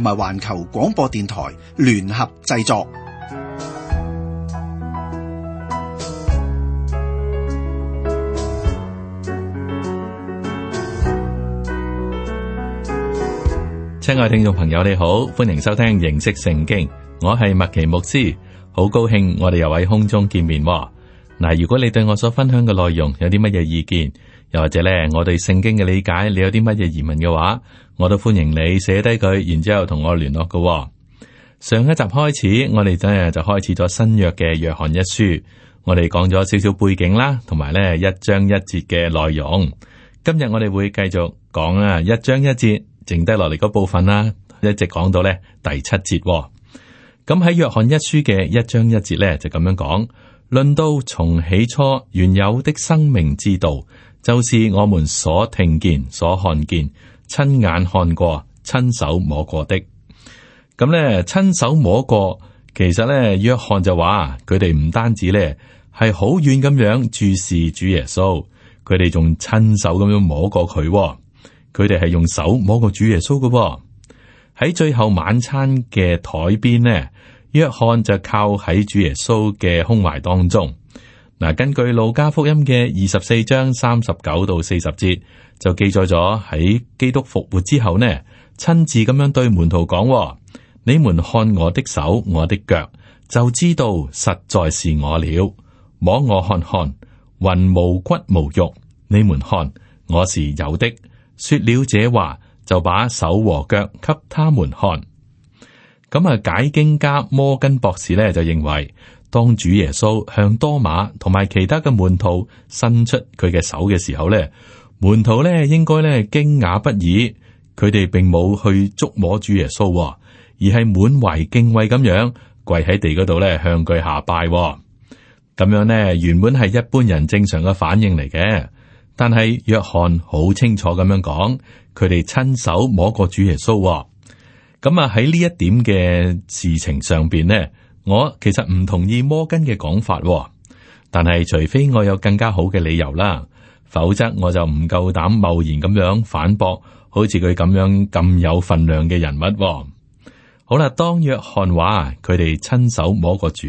同埋環球廣播電台聯合製作。親愛的聽眾朋友，你好，歡迎收聽認識聖經，我係麥奇牧師，好高興我哋又喺空中見面。嗱，如果你對我所分享嘅內容有啲乜嘢意見，又或者咧，我對聖經嘅理解，你有啲乜嘢疑問嘅話，我都歡迎你寫低佢，然之後同我聯絡㗎喎。噶，上一集開始，我哋真係就開始咗新約嘅約翰一書。我哋講咗少少背景啦，同埋咧一章一節嘅內容。今日我哋會繼續講啊、哦，一章一節剩低落嚟嗰部分啦，一直講到咧第七節。咁喺約翰一書嘅一章一節咧，就咁樣講論到從起初，原有的生命之道。就是我們所聽見、所看見、親眼看過、親手摸過的。咁咧，親手摸過，其實咧，約翰就話佢哋唔單止咧係好遠咁樣注視主耶穌，佢哋仲親手咁樣摸過佢、喎，佢哋係用手摸過主耶穌㗎、喎。喺最後晚餐嘅台邊呢，約翰就靠喺主耶穌嘅胸懷當中。嗱，根據路加福音嘅二十四章三十九到四十節，就記載咗喺基督復活之後呢，親自咁樣對門徒講：你們看我的手、我的腳，就知道實在是我了。摸我看看，魂無骨無肉，你們看我是有的。說了這話，就把手和腳給他們看。咁啊，解經家摩根博士呢就認為。當主耶穌向多馬同埋其他嘅門徒伸出佢嘅手嘅時候咧，門徒咧應該咧驚訝不已，佢哋並冇去捉摸主耶穌，而係滿懷敬畏咁樣跪喺地嗰度咧向佢下拜。咁樣呢，原本係一般人正常嘅反應嚟嘅，但係約翰好清楚咁樣講，佢哋親手摸過主耶穌。咁啊喺呢一點嘅事情上邊呢。我其實唔同意摩根嘅講法，哦，但係除非我有更加好嘅理由啦，否則我就唔夠膽貿然咁樣反駁，好似佢咁樣咁有份量嘅人物，哦。好啦，當約翰話佢哋親手摸過主，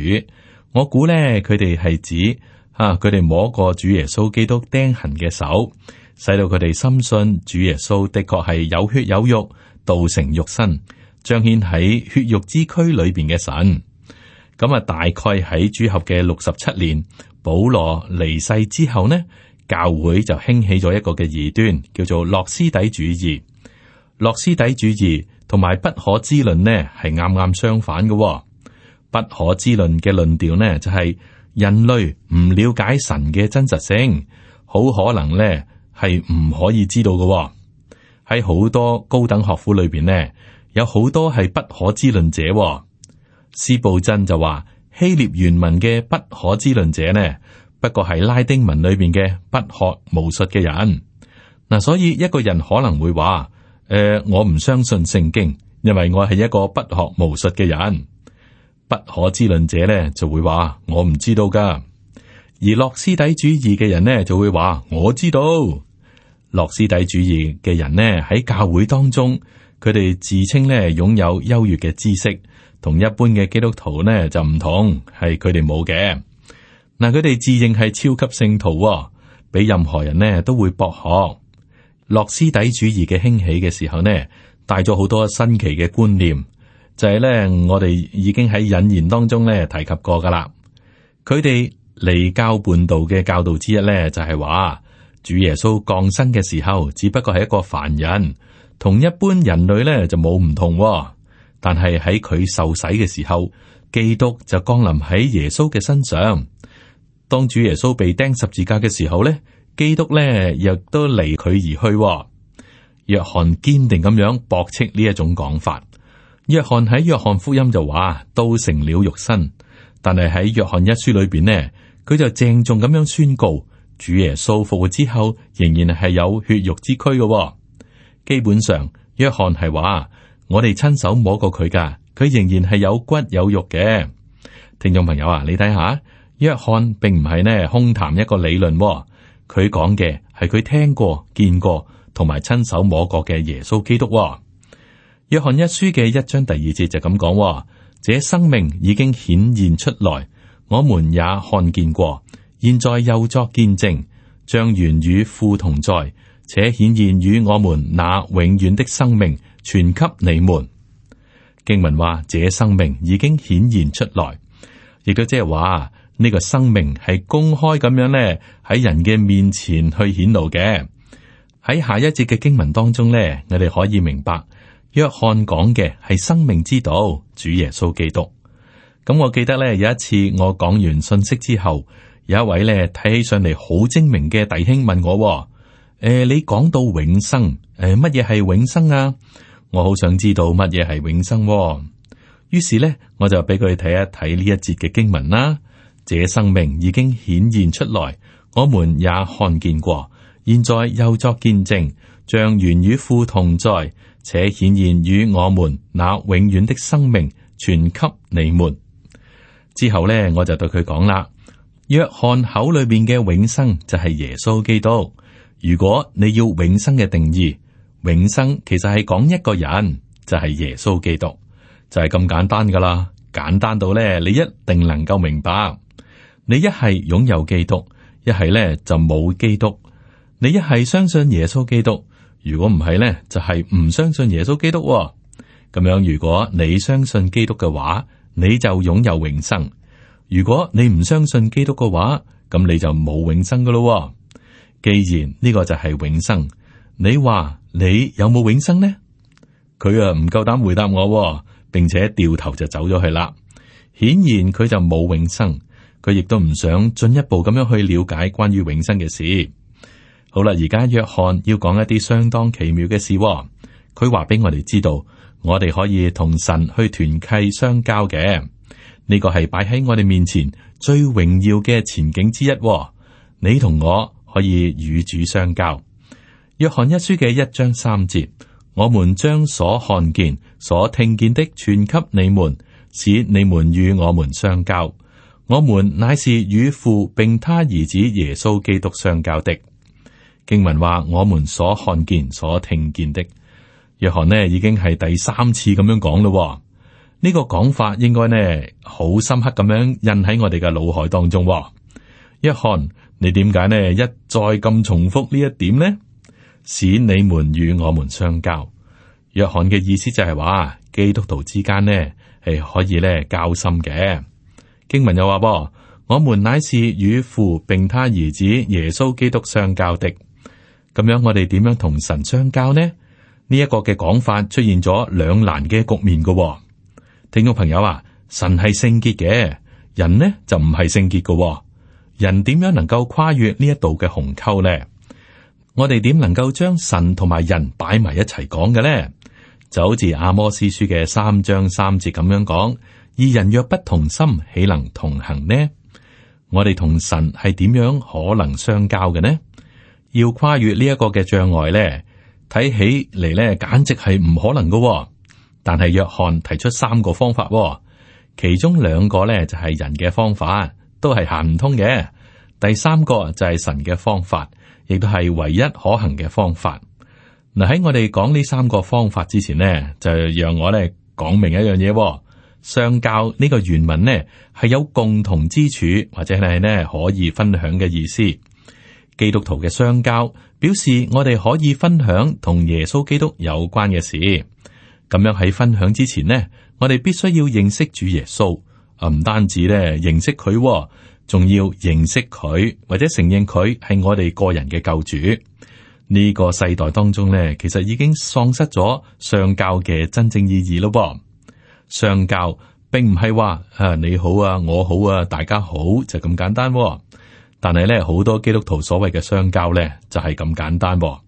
我估呢，佢哋係指啊，佢哋摸過主耶穌基督釘痕嘅手，使到佢哋深信主耶穌的確係有血有肉，道成肉身，彰顯喺血肉之軀裏邊嘅神。咁啊，大概喺主後嘅六十七年，保羅離世之後呢，教會就興起咗一個嘅異端，叫做諾斯底主義。諾斯底主義同埋不可知論呢，係啱啱相反嘅。不可知論嘅論調呢，就係人類唔了解神嘅真實性，好可能呢係唔可以知道嘅。喺好多高等學府裏邊呢，有好多係不可知論者。司布真就話希臘原文嘅不可知論者呢，不過係拉丁文裏邊嘅不學無術嘅人嗱。所以一個人可能會話：誒、呃，我唔相信聖經，因為我係一個不學無術嘅人。不可知論者呢就會話我唔知道噶，而諾斯底主義嘅人呢就會話我知道。諾斯底主義嘅人呢，喺教會當中，佢哋自稱呢擁有優越嘅知識。同一般嘅基督徒呢，就唔同，係佢哋冇嘅。嗱，佢哋自認係超級聖徒，比任何人呢都會博學。諾斯底主義嘅興起嘅時候呢，帶咗好多新奇嘅觀念，就係呢，我哋已經喺引言當中呢提及過噶啦。佢哋離教叛道嘅教導之一呢，就係話主耶穌降生嘅時候，只不過係一個凡人，同一般人類呢，就冇唔同。但係喺佢受洗嘅時候，基督就降臨喺耶穌嘅身上。當主耶穌被釘十字架嘅時候咧，基督咧亦都離佢而去，哦。約翰堅定咁樣駁斥呢一種講法。約翰喺約翰福音就話，道成了肉身。但係喺約翰一書裏邊呢，佢就鄭重咁樣宣告，主耶穌復活之後，仍然係有血肉之軀嘅，哦。基本上，約翰係話。我哋親手摸過佢噶，佢仍然係有骨有肉嘅。聽眾朋友啊，你睇下，約翰並唔係呢空談一個理論，佢講嘅係佢聽過、見過同埋親手摸過嘅耶穌基督。約翰一書嘅一章第二節就咁講：這生命已經顯現出來，我們也看見過，現在又作見證，將原與父同在，且顯現與我們那永遠的生命。傳給你們。經文話，這生命已經顯現出來，亦都即係話呢個生命係公開咁樣呢，喺人嘅面前去顯露嘅。喺下一節嘅經文當中呢，我哋可以明白約翰講嘅係生命之道，主耶穌基督。咁我記得呢，有一次我講完信息之後，有一位呢睇起上嚟好精明嘅弟兄問我，誒、呃，你講到永生，誒乜嘢係永生啊？我好想知道乜嘢係永生？哦，於是呢，我就俾佢睇一睇呢一節嘅經文啦。這生命已經顯現出來，我們也看見過，現在又作見證，像原與父同在，且顯現與我們那永遠的生命，傳給你們。之後呢，我就對佢講啦：約翰口裏邊嘅永生就係耶穌基督。如果你要永生嘅定義。永生其實係講一個人就係、是、耶穌基督，就係、是、咁簡單噶啦。簡單到咧，你一定能夠明白。你一係擁有基督，一係咧就冇基督。你一係相信耶穌基督，如果唔係咧，就係唔相信耶穌基督。咁樣，如果你相信基督嘅話，你就擁有永生；如果你唔相信基督嘅話，咁你就冇永生噶啦。既然呢個就係永生，你話？你有冇永生呢？佢啊，唔夠膽回答我，並且掉頭就走咗去啦。顯然佢就冇永生，佢亦都唔想進一步咁樣去了解關於永生嘅事。好啦，而家約翰要講一啲相當奇妙嘅事。佢話俾我哋知道，我哋可以同神去團契相交嘅。呢個係擺喺我哋面前最榮耀嘅前景之一。你同我可以與主相交。約翰一書嘅一章三節，我們將所看見、所聽見的傳給你們，使你們與我們相交。我們乃是與父並他兒子耶穌基督相交的。經文話我們所看見、所聽見的，約翰呢已經係第三次咁樣講咯。呢個講法應該呢好深刻咁樣印喺我哋嘅腦海當中。約翰，你點解呢一再咁重複呢一點呢？使你們與我們相交。約翰嘅意思就係、是、話基督徒之間呢係可以呢交心嘅，經文又話，噃，我們乃是與父並他兒子耶穌基督相交的。咁樣我哋點樣同神相交呢？呢、這、一個嘅講法出現咗兩難嘅局面嘅、哦。聽眾朋友啊，神係聖潔嘅，人呢就唔係聖潔嘅、哦。人點樣能夠跨越呢一度嘅鴻溝呢？我哋點能夠將神同埋人擺埋一齊講嘅呢？就好似阿摩司書嘅三章三節咁樣講，二人若不同心，豈能同行呢？我哋同神係點樣可能相交嘅呢？要跨越呢一個嘅障礙咧，睇起嚟咧簡直係唔可能㗎。但係約翰提出三個方法，其中兩個咧就係人嘅方法，都係行唔通嘅。第三個就係神嘅方法。亦都係唯一可行嘅方法。嗱，喺我哋講呢三個方法之前呢，就讓我咧講明一樣嘢：相交呢個原文呢，係有共同之處，或者係呢可以分享嘅意思。基督徒嘅相交，表示我哋可以分享同耶穌基督有關嘅事。咁樣喺分享之前呢，我哋必須要認識主耶穌。啊，唔單止呢認識佢。仲要認識佢，或者承認佢係我哋個人嘅救主。呢、這個世代當中呢，其實已經喪失咗相交嘅真正意義咯。噃相交並唔係話啊你好啊，我好啊，大家好就咁簡單、啊。但係呢，好多基督徒所謂嘅相交」呢，就係、是、咁簡單、啊。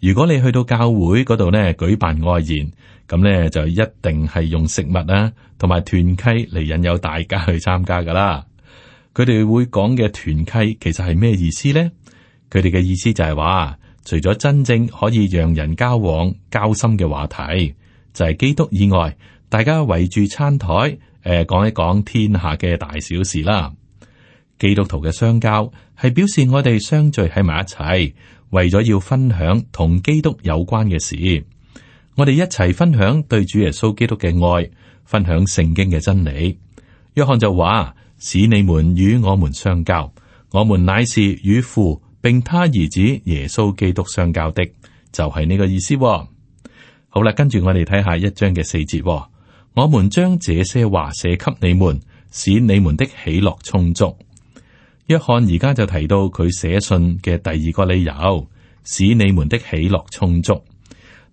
如果你去到教會嗰度呢，舉辦愛宴，咁呢，就一定係用食物啦、啊，同埋團契嚟引誘大家去參加噶啦。佢哋會講嘅團契其實係咩意思呢？佢哋嘅意思就係話，除咗真正可以讓人交往交心嘅話題，就係、是、基督以外，大家圍住餐台，誒、呃，講一講天下嘅大小事啦。基督徒嘅相交係表示我哋相聚喺埋一齊，為咗要分享同基督有關嘅事，我哋一齊分享對主耶穌基督嘅愛，分享聖經嘅真理。約翰就話。使你們與我們相交，我們乃是與父並他兒子耶穌基督相交的，就係、是、呢個意思、哦。好啦，跟住我哋睇下一章嘅四節、哦。我們將這些話寫給你們，使你們的喜樂充足。約翰而家就提到佢寫信嘅第二個理由，使你們的喜樂充足，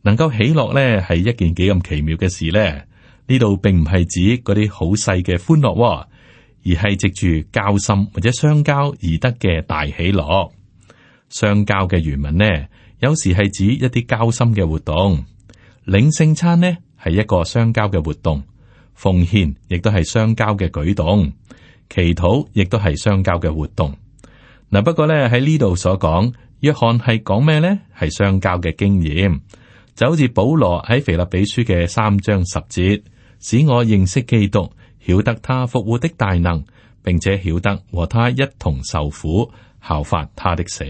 能夠喜樂呢，係一件幾咁奇妙嘅事呢。呢度並唔係指嗰啲好細嘅歡樂、哦。而係藉住交心或者相交而得嘅大喜樂。相交嘅原文呢，有時係指一啲交心嘅活動。領聖餐呢係一個相交嘅活動，奉獻亦都係相交嘅舉動，祈禱亦都係相交嘅活動。嗱，不過呢喺呢度所講，約翰係講咩呢？係相交嘅經驗，就好似保羅喺腓立比書嘅三章十節，使我認識基督。曉得他復活的大能，並且曉得和他一同受苦，效法他的死，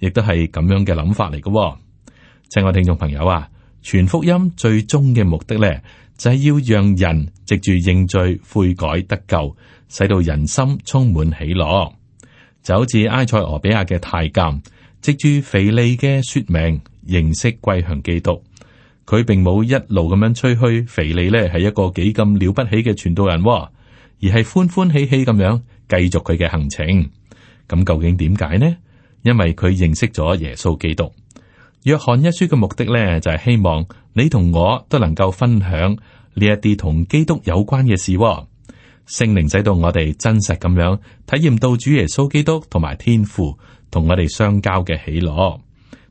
亦都係咁樣嘅諗法嚟嘅、哦。親愛聽眾朋友啊，全福音最終嘅目的呢，就係、是、要讓人藉住認罪悔改得救，使到人心充滿喜樂，就好似埃塞俄比亞嘅太監，藉住腓利嘅說明，認識歸向基督。佢並冇一路咁樣吹噓腓利呢係一個幾咁了不起嘅傳道人，而係歡歡喜喜咁樣繼續佢嘅行程。咁究竟點解呢？因為佢認識咗耶穌基督。約翰一書嘅目的呢，就係希望你同我都能夠分享呢一啲同基督有關嘅事，聖靈使到我哋真實咁樣體驗到主耶穌基督同埋天父同我哋相交嘅喜樂。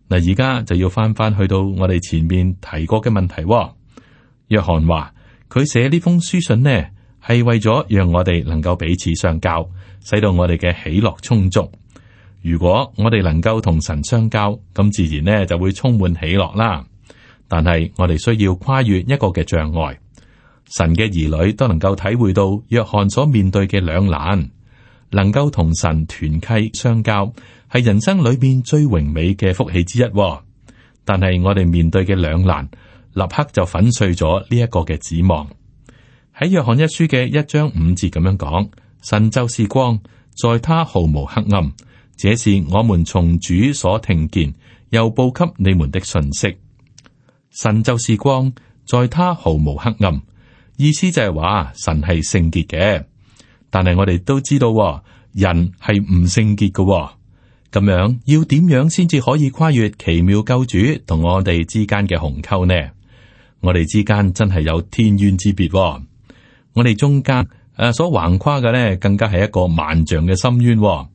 嗱，而家就要翻翻去到我哋前面提過嘅問題，哦。約翰話佢寫呢封書信呢，係為咗讓我哋能夠彼此相交，使到我哋嘅喜樂充足。如果我哋能夠同神相交，咁自然呢就會充滿喜樂啦。但係我哋需要跨越一個嘅障礙。神嘅兒女都能夠體會到約翰所面對嘅兩難，能夠同神團契相交，係人生裏面最榮美嘅福氣之一，哦，但係我哋面對嘅兩難，立刻就粉碎咗呢一個嘅指望。喺約翰一書嘅一章五字咁樣講：神就是光，在他毫無黑暗。這是我們從主所聽見又報給你們的信息。神就是光，在他毫無黑暗。意思就係話神係聖潔嘅，但係我哋都知道，哦，人係唔聖潔嘅，哦。咁樣要點樣先至可以跨越奇妙救主同我哋之間嘅鴻溝呢？我哋之間真係有天淵之別、哦。我哋中間誒、啊、所橫跨嘅咧，更加係一個萬丈嘅深淵、哦。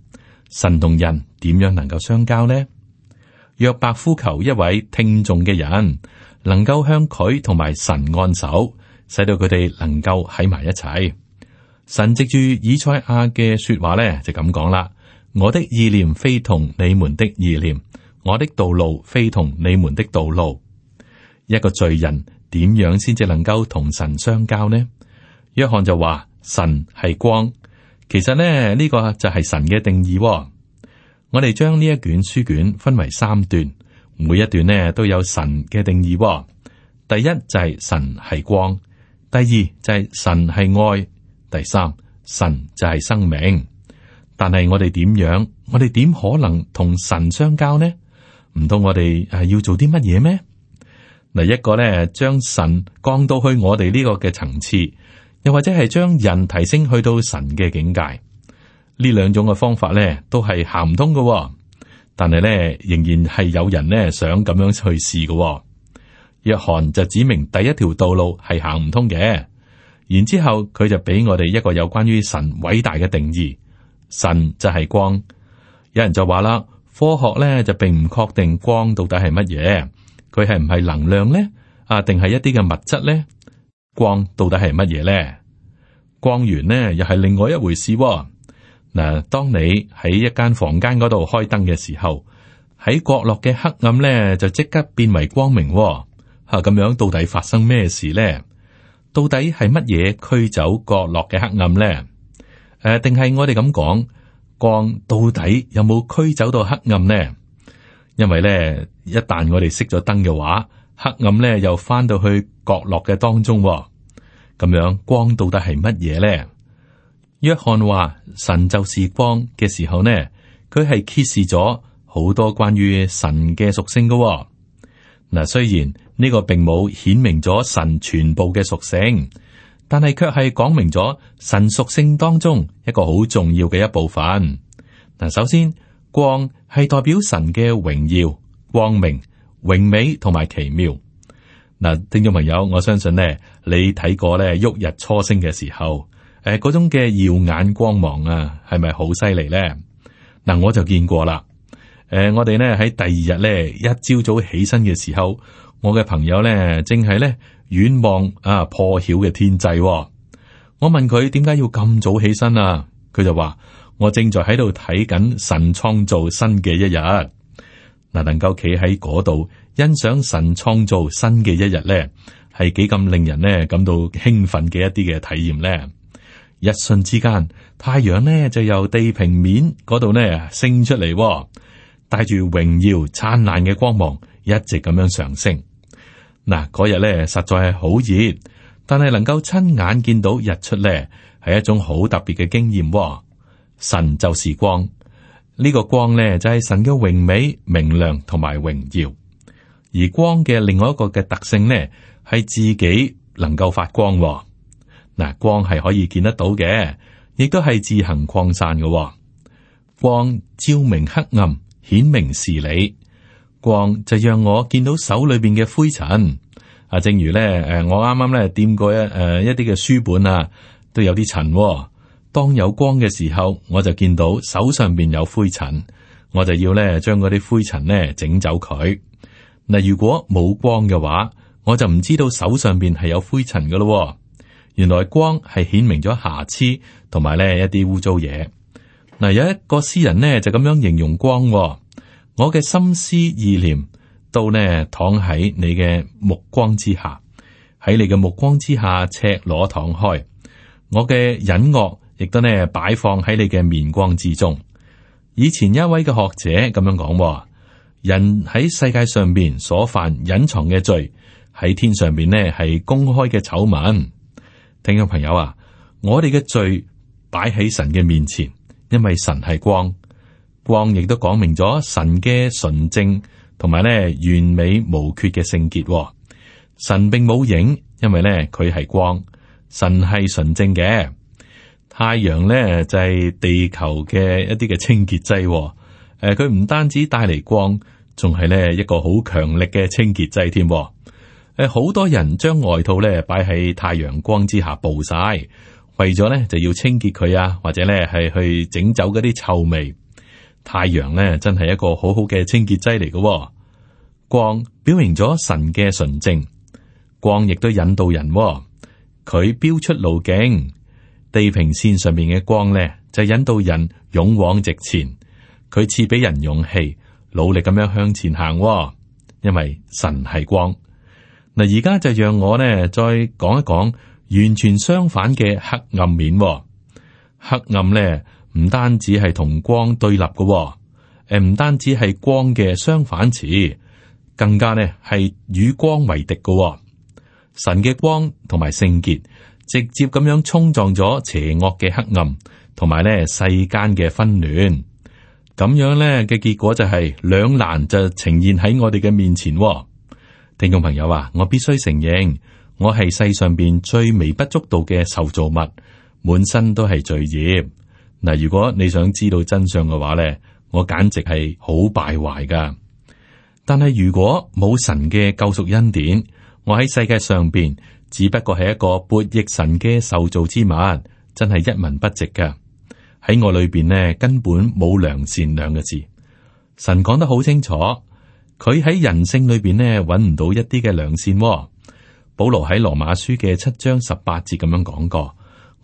神同人點樣能夠相交呢？約伯呼求一位聽眾嘅人，能夠向佢同埋神按手，使到佢哋能夠喺埋一齊。神藉住以賽亞嘅說話咧，就咁講啦。我的意念非同你們的意念，我的道路非同你們的道路。一個罪人點樣先至能夠同神相交呢？約翰就話：神係光。其實呢，呢、呢個就係神嘅定義、哦。我哋將呢一卷書卷分為三段，每一段呢都有神嘅定義、哦。第一就係神係光，第二就係神係愛，第三神就係生命。但係我哋點樣？我哋點可能同神相交呢？唔通我哋係要做啲乜嘢咩？嗱，一個咧將神降到去我哋呢個嘅層次，又或者係將人提升去到神嘅境界，呢兩種嘅方法咧都係行唔通㗎喎。但係咧仍然係有人咧想咁樣去試㗎喎。約翰就指明第一條道路係行唔通嘅，然之後佢就俾我哋一個有關於神偉大嘅定義。神就係光，有人就話啦，科學咧就並唔確定光到底係乜嘢，佢係唔係能量呢？啊，定係一啲嘅物質呢？光到底係乜嘢呢？光源呢，又係另外一回事喎。嗱，當你喺一間房間嗰度開燈嘅時候，喺角落嘅黑暗咧就即刻變為光明喎。吓，啊，咁樣到底發生咩事呢？到底係乜嘢驅走角落嘅黑暗呢？誒，定係、啊、我哋咁講，光到底有冇驅走到黑暗呢？因為咧，一旦我哋熄咗燈嘅話，黑暗咧又翻到去角落嘅當中、哦。咁樣，光到底係乜嘢咧？約翰話神就是光嘅時候呢，佢係揭示咗好多關於神嘅屬性噶。嗱，雖然呢個並冇顯明咗神全部嘅屬性。但係卻係講明咗神屬性當中一個好重要嘅一部分。嗱，首先光係代表神嘅榮耀、光明、榮美同埋奇妙。嗱，聽眾朋友，我相信呢，你睇過咧旭日初升嘅時候，誒嗰種嘅耀眼光芒啊，係咪好犀利咧？嗱，我就見過啦。誒，我哋咧喺第二日咧一朝早起身嘅時候。我嘅朋友咧，正係咧遠望啊破曉嘅天際。我問佢點解要咁早起身啊？佢就話：我正在喺度睇緊神創造新嘅一日。嗱，能夠企喺嗰度欣賞神創造新嘅一日咧，係幾咁令人呢感到興奮嘅一啲嘅體驗咧。一瞬之間，太陽呢就由地平面嗰度呢升出嚟，帶住榮耀燦爛嘅光芒，一直咁樣上升。嗱，嗰日咧實在係好熱，但係能夠親眼見到日出咧，係一種好特別嘅經驗、哦。神就是光，呢、這個光咧就係、是、神嘅榮美、明亮同埋榮耀。而光嘅另外一個嘅特性呢，係自己能夠發光、哦。嗱，光係可以見得到嘅，亦都係自行擴散嘅、哦。光照明黑暗，顯明事理。光就讓我見到手裏邊嘅灰塵，啊，正如咧，誒，我啱啱咧掂過一誒一啲嘅書本啊，都有啲塵。當有光嘅時候，我就見到手上邊有灰塵，我就要咧將嗰啲灰塵咧整走佢。嗱，如果冇光嘅話，我就唔知道手上邊係有灰塵㗎咯。原來光係顯明咗瑕疵同埋咧一啲污糟嘢。嗱，有一個詩人呢，就咁樣形容光。我嘅心思意念都呢躺喺你嘅目光之下，喺你嘅目光之下赤裸敞開。我嘅隱惡亦都呢擺放喺你嘅面光之中。以前一位嘅學者咁樣講：人喺世界上邊所犯隱藏嘅罪，喺天上邊呢係公開嘅醜聞。聽眾朋友啊，我哋嘅罪擺喺神嘅面前，因為神係光。光亦都講明咗神嘅純正，同埋咧完美無缺嘅聖潔。神並冇影，因為咧佢係光，神係純正嘅。太陽咧就係地球嘅一啲嘅清潔劑。誒，佢唔單止帶嚟光，仲係咧一個好強力嘅清潔劑添。誒，好多人將外套咧擺喺太陽光之下暴曬，為咗咧就要清潔佢啊，或者咧係去整走嗰啲臭味。太陽咧真係一個好好嘅清潔劑嚟嘅，光表明咗神嘅純正，光亦都引導人、哦。佢標出路徑，地平線上面嘅光咧就引導人勇往直前。佢似俾人勇氣，努力咁樣向前行、哦。因為神係光。嗱，而家就讓我呢再講一講完全相反嘅黑暗面、哦。黑暗咧。唔單止係同光對立嘅、哦，誒，唔單止係光嘅相反詞，更加呢係與光為敵嘅、哦、神嘅光，同埋聖潔直接咁樣衝撞咗邪惡嘅黑暗，同埋呢世間嘅紛亂。咁樣呢嘅結果就係兩難，就呈現喺我哋嘅面前、哦。聽眾朋友啊，我必須承認，我係世上邊最微不足道嘅受造物，滿身都係罪孽。嗱，如果你想知道真相嘅話咧，我簡直係好敗壞噶。但係如果冇神嘅救贖恩典，我喺世界上邊只不過係一個悖逆神嘅受造之物，真係一文不值噶。喺我裏邊咧，根本冇良善兩個字。神講得好清楚，佢喺人性裏邊咧，揾唔到一啲嘅良善。保羅喺羅馬書嘅七章十八節咁樣講過，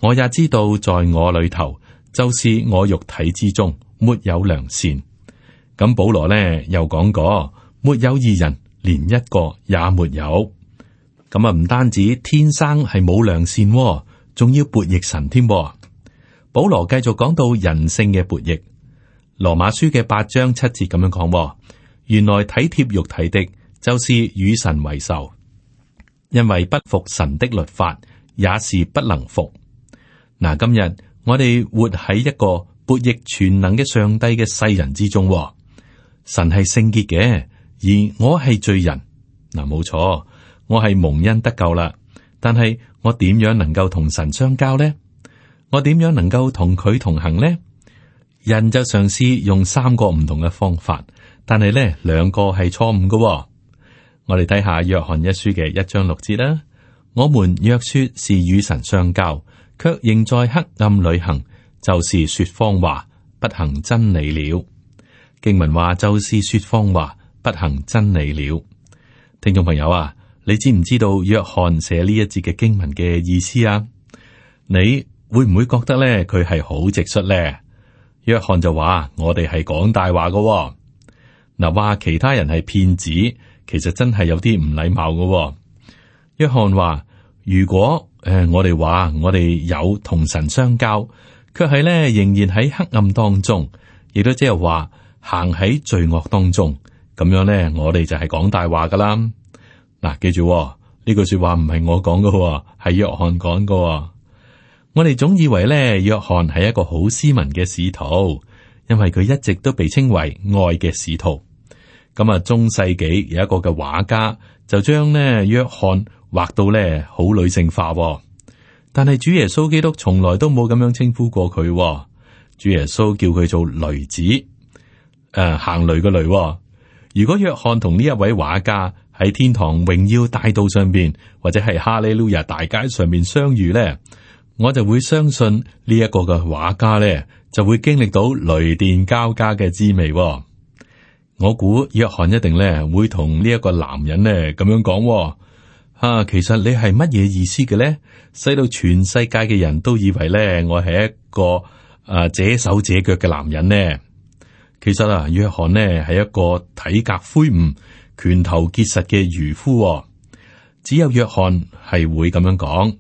我也知道在我裏頭。就是我肉體之中沒有良善，咁保羅呢又講過，沒有義人，連一個也沒有。咁啊唔單止天生係冇良善，仲要悖逆神添。保羅繼續講到人性嘅悖逆，《羅馬書》嘅八章七節咁樣講，原來體貼肉體的，就是與神為仇，因為不服神的律法，也是不能服。嗱，今日。我哋活喺一個博奕全能嘅上帝嘅世人之中，哦，神係聖潔嘅，而我係罪人。嗱，冇錯，我係蒙恩得救啦。但係我點樣能夠同神相交呢？我點樣能夠同佢同行呢？人就嘗試用三個唔同嘅方法，但係呢兩個係錯誤嘅，哦。我哋睇下約翰一書嘅一章六節啦。我們若說是與神相交。卻仍在黑暗旅行，就是說謊話，不行真理了。經文話，就是說謊話，不行真理了。聽眾朋友啊，你知唔知道約翰寫呢一節嘅經文嘅意思啊？你會唔會覺得咧？佢係好直率咧？約翰就話：我哋係講大話㗎喎，嗱，話其他人係騙子，其實真係有啲唔禮貌㗎喎。約翰話：如果誒，我哋話我哋有同神相交，卻係咧仍然喺黑暗當中，亦都即係話行喺罪惡當中。咁樣咧，我哋就係講大話噶啦。嗱、啊，記住喎，呢句說話唔係我講噶，係約翰講噶喎。我哋總以為咧，約翰係一個好斯文嘅使徒，因為佢一直都被稱為愛嘅使徒。咁、嗯、啊，中世紀有一個嘅畫家就將呢約翰，畫到咧好女性化，但係主耶穌基督從來都冇咁樣稱呼過佢。主耶穌叫佢做雷子，誒、呃、行雷嘅雷。如果約翰同呢一位畫家喺天堂榮耀大道上邊，或者係哈利路亞大街上面相遇咧，我就會相信呢一個嘅畫家咧就會經歷到雷電交加嘅滋味。我估約翰一定咧會同呢一個男人咧咁樣講。啊，其實你係乜嘢意思嘅咧？使到全世界嘅人都以為咧，我係一個誒，只、啊、手只腳嘅男人呢。其實啊，約翰呢係一個體格魁梧、拳頭結實嘅漁夫、哦。只有約翰係會咁樣講。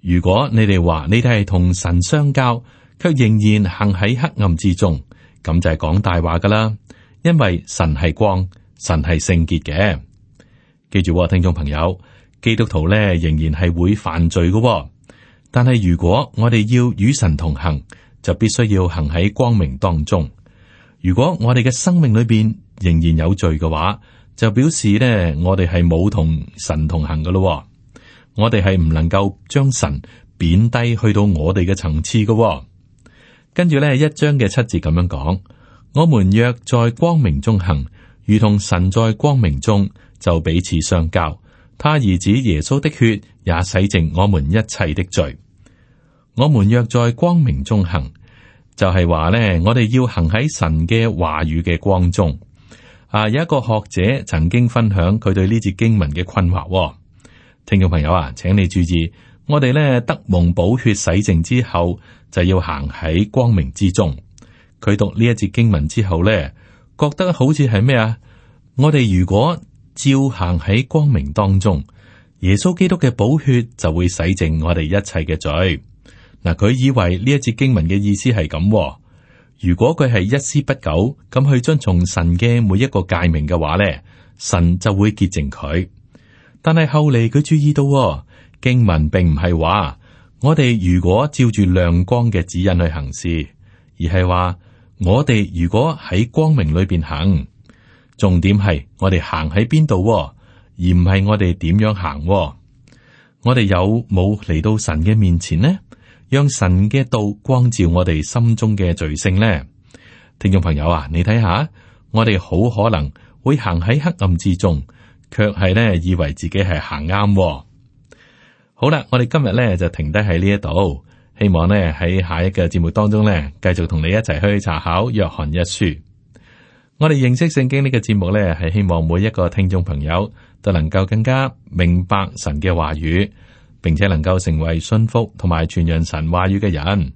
如果你哋話你哋係同神相交，卻仍然行喺黑暗之中，咁就係講大話噶啦。因為神係光，神係聖潔嘅。記住、哦，我聽眾朋友。基督徒咧仍然係會犯罪噶、哦，但係如果我哋要與神同行，就必須要行喺光明當中。如果我哋嘅生命裏邊仍然有罪嘅話，就表示咧，我哋係冇同神同行噶咯、哦。我哋係唔能夠將神貶低去到我哋嘅層次噶、哦。跟住咧，一章嘅七字咁樣講：我們若在光明中行，如同神在光明中，就彼此相交。他兒子耶穌的血也洗淨我們一切的罪。我們若在光明中行，就係話呢：「我哋要行喺神嘅話語嘅光中。」啊，有一個學者曾經分享佢對呢節經文嘅困惑哦。聽眾朋友啊，請你注意，我哋呢，得蒙寶血洗淨之後，就要行喺光明之中。佢讀呢一節經文之後呢，覺得好似係咩啊？我哋如果照行喺光明當中，耶穌基督嘅寶血就會洗淨我哋一切嘅罪。嗱，佢以為呢一節經文嘅意思係咁，哦，如果佢係一絲不苟咁去遵從神嘅每一個誡命嘅話咧，神就會潔淨佢。但係後嚟佢注意到、哦、經文並唔係話我哋如果照住亮光嘅指引去行事，而係話我哋如果喺光明裏面行。重點係我哋行喺邊度，而唔係我哋點樣行。我哋有冇嚟到神嘅面前呢？讓神嘅道光照我哋心中嘅罪性呢？聽眾朋友啊，你睇下，我哋好可能會行喺黑暗之中，卻係呢以為自己係行啱。好啦，我哋今日呢就停低喺呢一度，希望呢喺下一個節目當中呢，繼續同你一齊去查考約翰一書。我哋認識聖經呢個節目呢，係希望每一個聽眾朋友都能夠更加明白神嘅話語，並且能夠成為信福同埋傳揚神話語嘅人。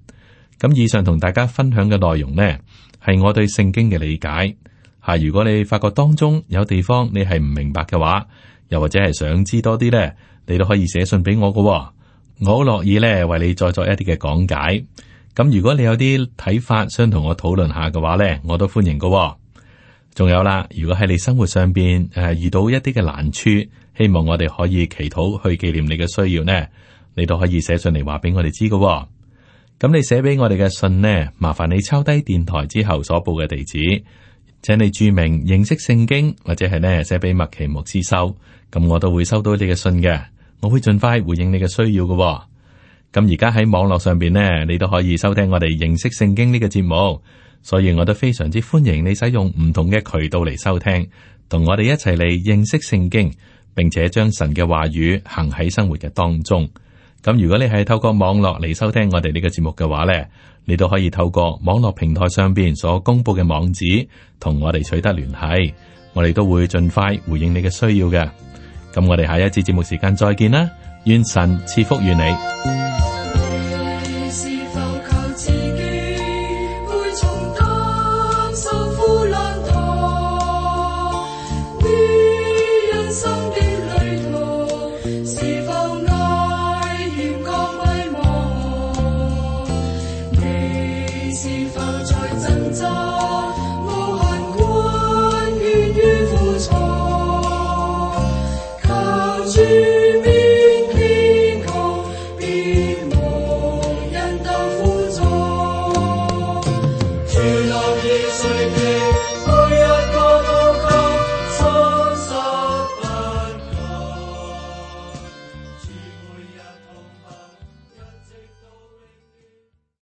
咁以上同大家分享嘅內容呢，係我對聖經嘅理解。係如果你發覺當中有地方你係唔明白嘅話，又或者係想知多啲呢，你都可以寫信俾我噶喎。我好樂意呢，為你再作一啲嘅講解。咁如果你有啲睇法想同我討論下嘅話呢，我都歡迎噶喎。仲有啦，如果喺你生活上邊誒遇到一啲嘅難處，希望我哋可以祈禱去紀念你嘅需要呢，你都可以寫上嚟話俾我哋知嘅。咁你寫俾我哋嘅信呢，麻煩你抄低電台之後所報嘅地址，請你注明認識聖經或者係呢，寫俾麥奇牧師收，咁我都會收到你嘅信嘅，我會盡快回應你嘅需要嘅。咁而家喺網絡上邊呢，你都可以收聽我哋認識聖經呢個節目。所以我都非常之歡迎你使用唔同嘅渠道嚟收聽，同我哋一齊嚟認識聖經，並且將神嘅話語行喺生活嘅當中。咁如果你係透過網絡嚟收聽我哋呢個節目嘅話咧，你都可以透過網絡平台上邊所公布嘅網址同我哋取得聯繫，我哋都會盡快回應你嘅需要嘅。咁我哋下一次節目時間再見啦，願神賜福與你。